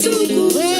Suco.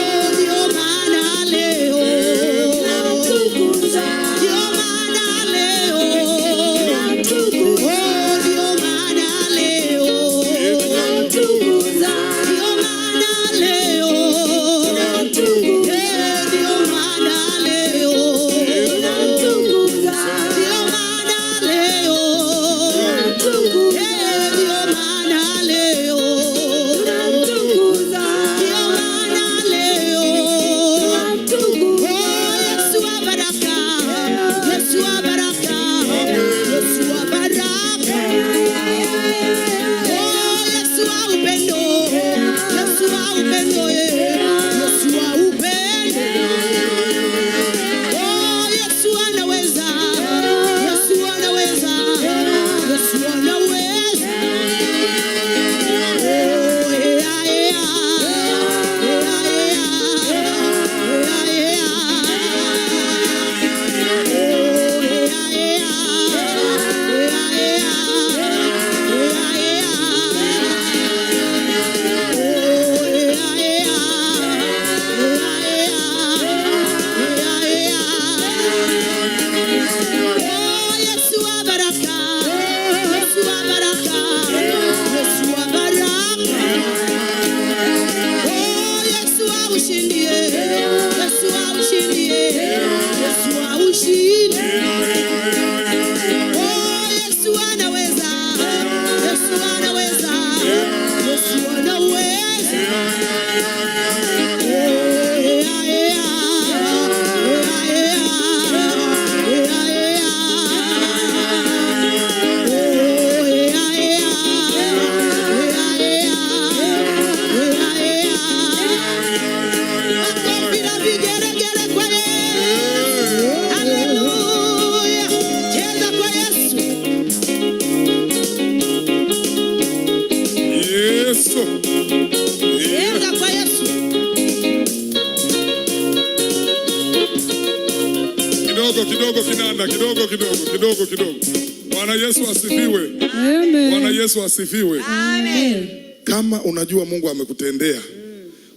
Yesu asifiwe. Amen. Kama unajua Mungu amekutendea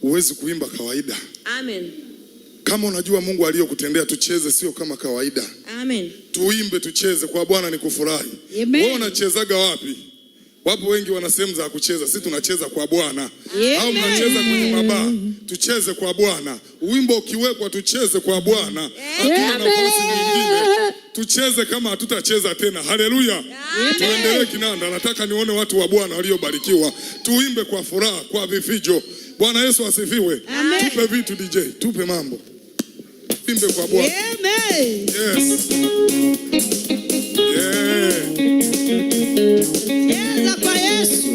huwezi kuimba kawaida. Amen. Kama unajua Mungu aliyokutendea, tucheze sio kama kawaida. Amen. Tuimbe, tucheze kwa Bwana ni kufurahi. Wewe unachezaga wapi? Wapo wengi wana sehemu za kucheza, sisi tunacheza kwa Bwana au mnacheza kwenye mabaa, tucheze kwa Bwana. Wimbo ukiwekwa, tucheze kwa Bwana, hatuna nafasi nyingine, tucheze kama hatutacheza tena. Haleluya, tuendelee kinanda. Nataka nione watu wa Bwana waliobarikiwa, tuimbe kwa furaha, kwa vifijo. Bwana Yesu asifiwe. Amen. Tupe vitu DJ, tupe mambo, tuimbe kwa Bwana. Amen. Yes. Yeah. Yes, I conheço.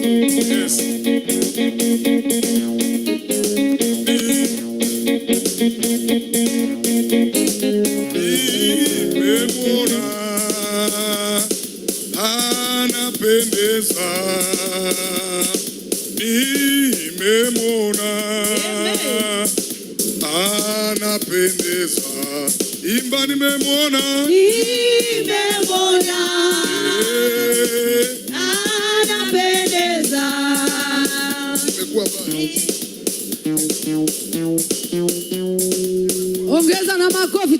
Yes. nimemwona, nimemwona eh. ongeza na makofi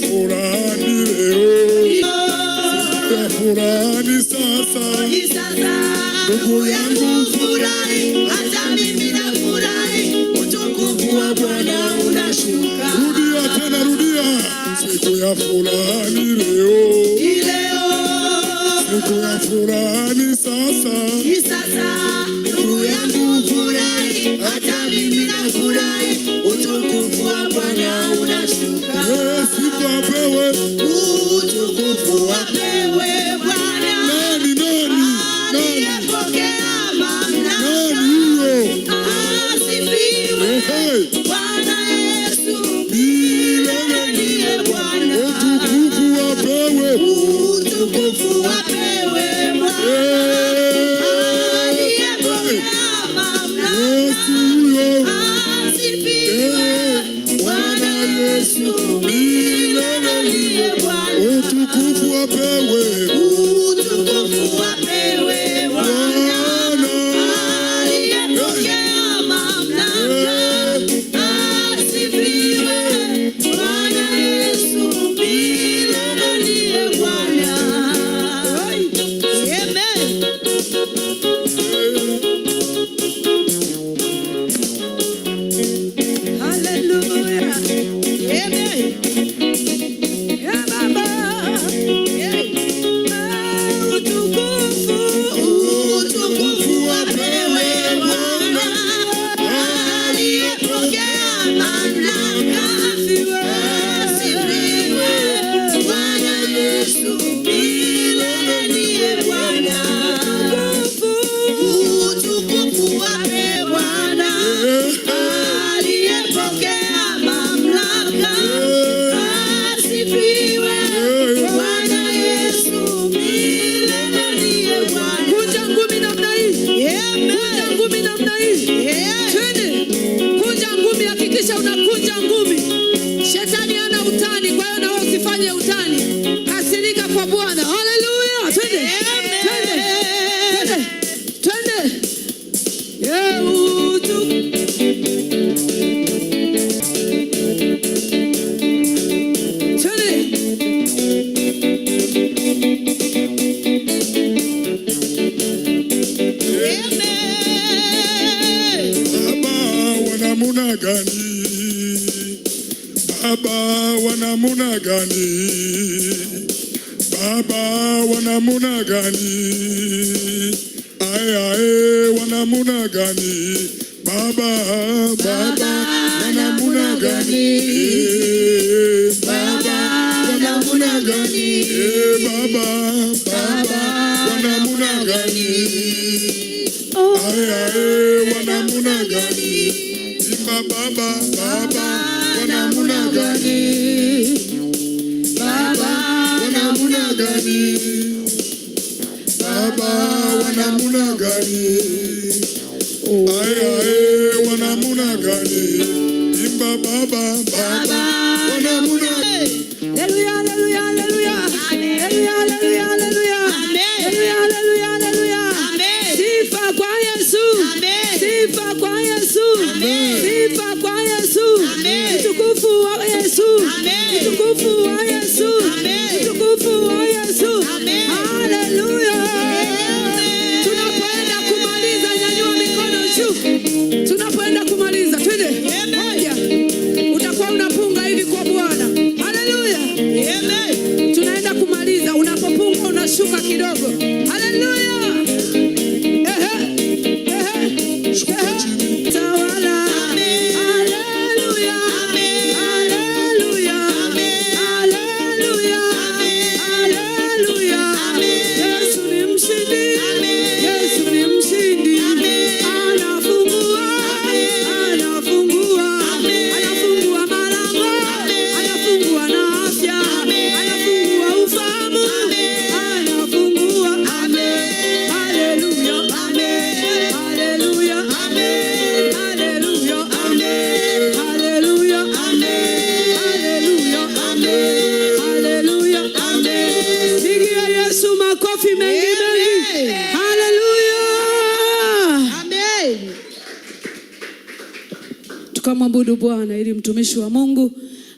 furani leo, furani sasa, ndugu yangu furahi, hata mimi na furahi, utukufu wa Bwana unashuka. Rudia tena, rudia, siku ya furani leo, siku ya furani sasa, ndugu yangu furahi, hata mimi na furahi, utukufu wa Bwana unashuka. good. baba baba wana wanamuna gani are are wanamuna gani Baba, baba makofi mengi mengi. Haleluya, amen. Tukamwabudu Bwana ili mtumishi wa Mungu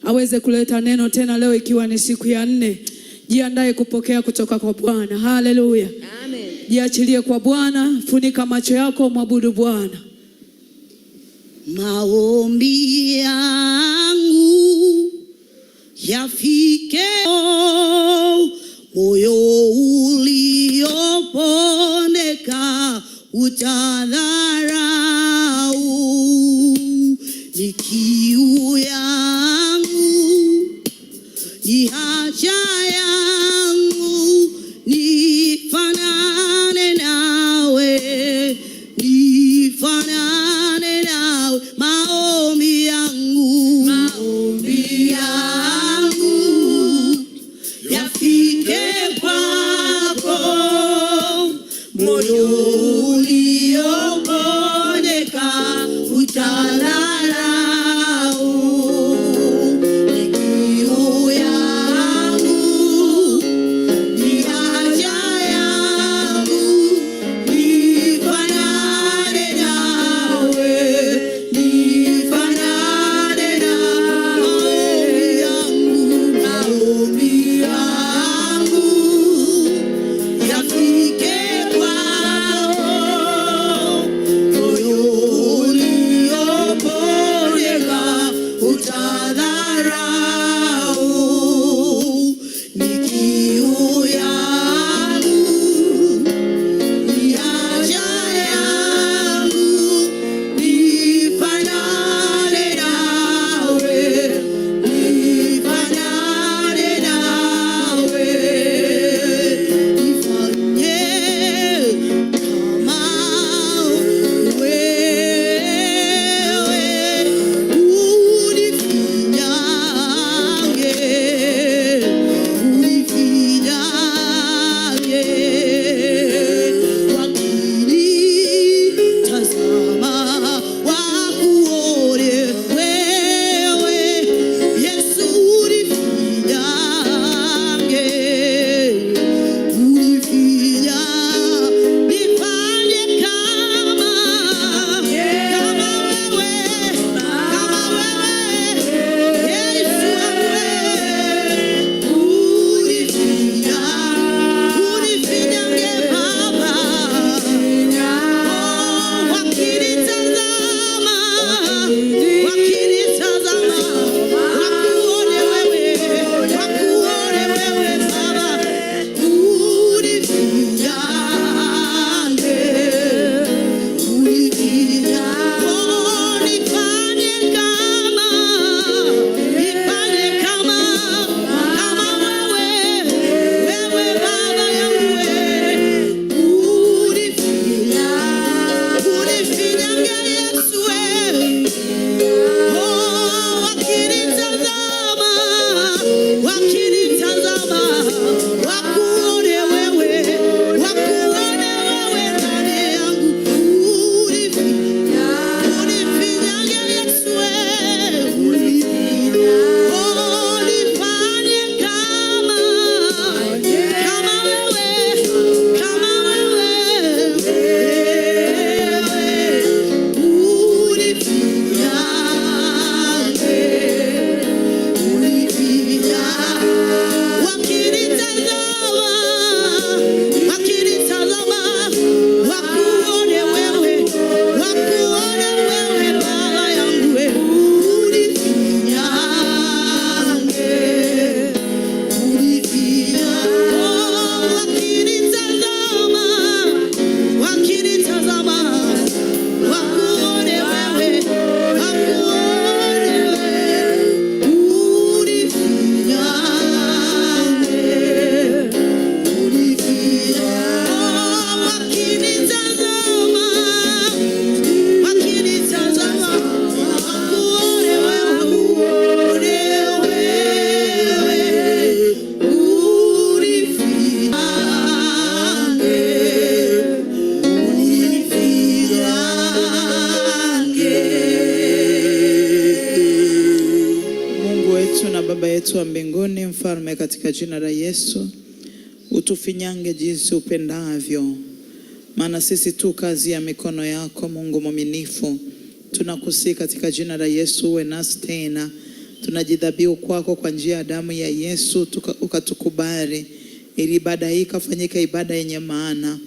aweze kuleta neno tena leo, ikiwa ni siku ya nne. Jiandae kupokea kutoka kwa Bwana. Haleluya, amen. Jiachilie kwa Bwana, funika macho yako, mwabudu Bwana. Maombi yangu yafike moyo ulioponeka utadhara yetu wa mbinguni, Mfalme, katika jina la Yesu utufinyange jinsi upendavyo, maana sisi tu kazi ya mikono yako. Mungu mwaminifu, tunakusii katika jina la Yesu uwe nasi tena. Tunajidhabiu kwako kwa njia ya damu ya Yesu ukatukubali ili ibada hii kafanyike ibada yenye maana.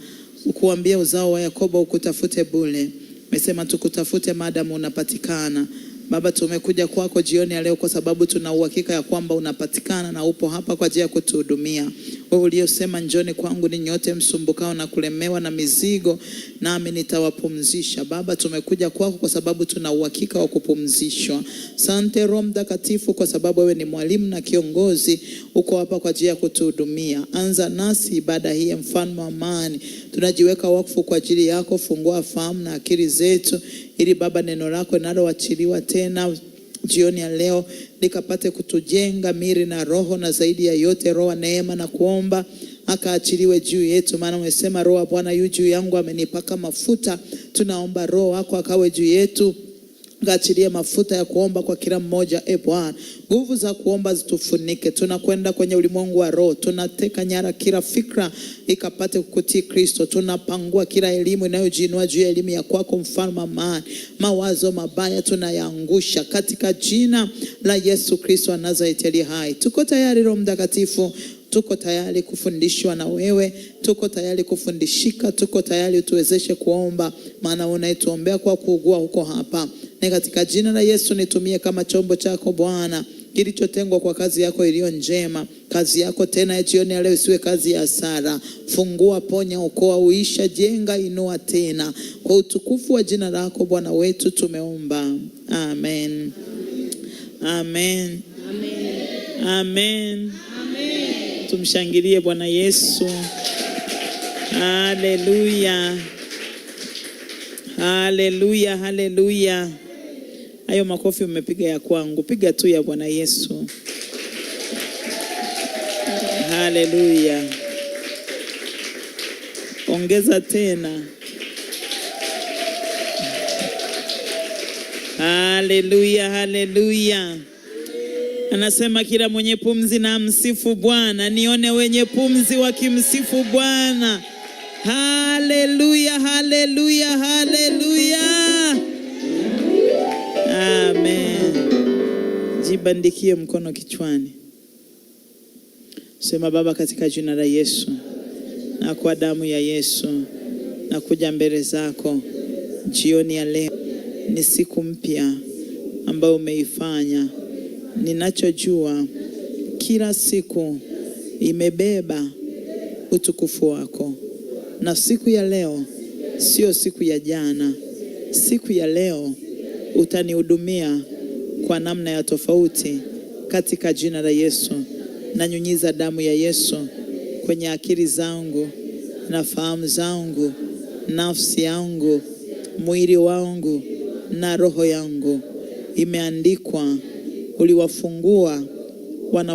Ukuambia uzao wa Yakobo ukutafute bule, mesema tukutafute maadamu unapatikana. Baba, tumekuja kwako jioni ya leo kwa sababu tuna uhakika ya kwamba unapatikana na upo hapa kwa ajili ya kutuhudumia wewe uliyosema, njoni kwangu ni nyote msumbukao na kulemewa na mizigo, nami nitawapumzisha. Baba, tumekuja kwako kwa sababu tuna uhakika wa kupumzishwa. Sante Roho Mtakatifu, kwa sababu wewe ni mwalimu na kiongozi, uko hapa kwa ajili ya kutuhudumia. Anza nasi ibada hii, mfano wa amani, tunajiweka wakfu kwa ajili yako. Fungua fahamu na akili zetu, ili Baba, neno lako linaloachiliwa tena jioni ya leo likapate kutujenga miri na roho, na zaidi ya yote roho neema na kuomba akaachiliwe juu yetu, maana umesema roho ya Bwana yu juu yangu, amenipaka mafuta. Tunaomba roho wako akawe juu yetu Ngaachilie mafuta ya kuomba kwa kila mmoja, e Bwana, nguvu za kuomba zitufunike. Tunakwenda kwenye ulimwengu wa roho, tunateka nyara kila fikra ikapate kukutii Kristo. Tunapangua kila elimu inayojiinua juu ya elimu ya kwako, mfalme amani. Mawazo mabaya tunayaangusha katika jina la Yesu Kristo wa Nazareti ali hai. Tuko tayari, Roho Mtakatifu Tuko tayari kufundishwa na wewe, tuko tayari kufundishika, tuko tayari utuwezeshe kuomba, maana unaituombea kwa kuugua huko hapa. Na katika jina la Yesu nitumie kama chombo chako Bwana kilichotengwa kwa kazi yako iliyo njema. Kazi yako tena ya jioni ya leo isiwe kazi ya hasara. Fungua, ponya, okoa, uisha, jenga, inua tena, kwa utukufu wa jina lako Bwana wetu tumeomba, amen, amen, amen, amen. amen. amen tumshangilie Bwana Yesu. Haleluya, haleluya, haleluya! Hayo makofi umepiga ya kwangu, piga tu ya Bwana Yesu. Haleluya, ongeza tena. Haleluya, haleluya! Anasema kila mwenye pumzi na msifu Bwana, nione wenye pumzi wakimsifu Bwana. Haleluya, haleluya, haleluya, amen. Jibandikie mkono kichwani, sema: Baba, katika jina la Yesu na kwa damu ya Yesu, na kuja mbele zako jioni ya leo. Ni siku mpya ambayo umeifanya ninachojua kila siku imebeba utukufu wako, na siku ya leo sio siku ya jana. Siku ya leo utanihudumia kwa namna ya tofauti, katika jina la Yesu. Nanyunyiza damu ya Yesu kwenye akili zangu na fahamu zangu, nafsi yangu, mwili wangu na roho yangu. Imeandikwa uliwafungua wana